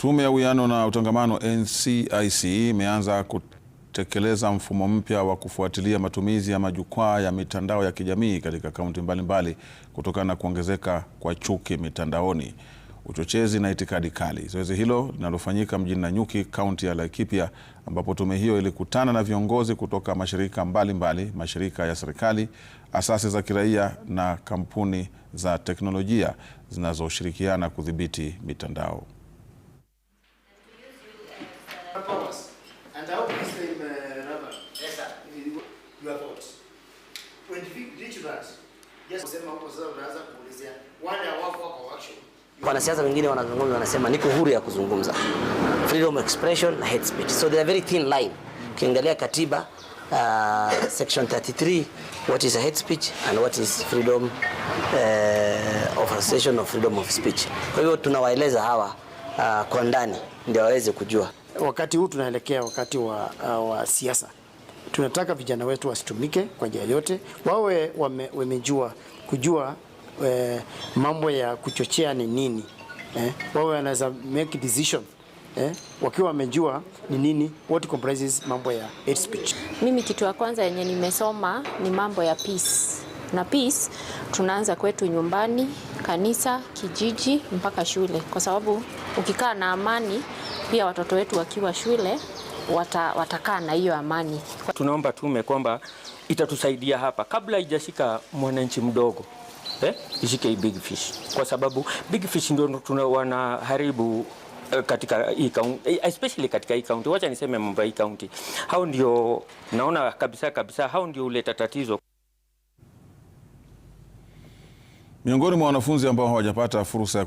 Tume ya Uwiano na Utangamano NCIC imeanza kutekeleza mfumo mpya wa kufuatilia matumizi ya majukwaa ya mitandao ya kijamii katika kaunti mbalimbali kutokana na kuongezeka kwa chuki mitandaoni, uchochezi na itikadi kali. Zoezi hilo linalofanyika mjini Nanyuki, kaunti ya Laikipia, ambapo tume hiyo ilikutana na viongozi kutoka mashirika mbalimbali mbali, mashirika ya serikali, asasi za kiraia na kampuni za teknolojia zinazoshirikiana kudhibiti mitandao. Wanasiasa wengine wanazungumza, wanasema niko huru ya kuzungumza, freedom of expression na hate speech, so they are very thin line. Ukiangalia katiba uh, section 33 what is a hate speech and what is freedom uh, of association of freedom of speech. Kwa hiyo tunawaeleza hawa uh, kwa ndani ndio waweze kujua. Wakati huu tunaelekea wakati wa, uh, wa siasa Tunataka vijana wetu wasitumike kwa njia yote, wawe wame, wamejua kujua e, mambo ya kuchochea ni nini eh, wawe wanaweza make decision eh, wakiwa wamejua ni nini what comprises mambo ya hate speech. Mimi kitu ya kwanza yenye nimesoma ni mambo ya peace na peace tunaanza kwetu nyumbani, kanisa, kijiji mpaka shule, kwa sababu ukikaa na amani, pia watoto wetu wakiwa shule wata, watakaa na hiyo amani. Tunaomba tume kwamba itatusaidia hapa kabla haijashika mwananchi mdogo eh, ishike big fish, kwa sababu big fish ndio wanaharibu eh, katika hii kaunti eh, especially katika hii kaunti, wacha niseme mambo hii kaunti, hao ndio naona kabisa kabisa, hao ndio huleta tatizo. Miongoni mwa wanafunzi ambao hawajapata fursa ya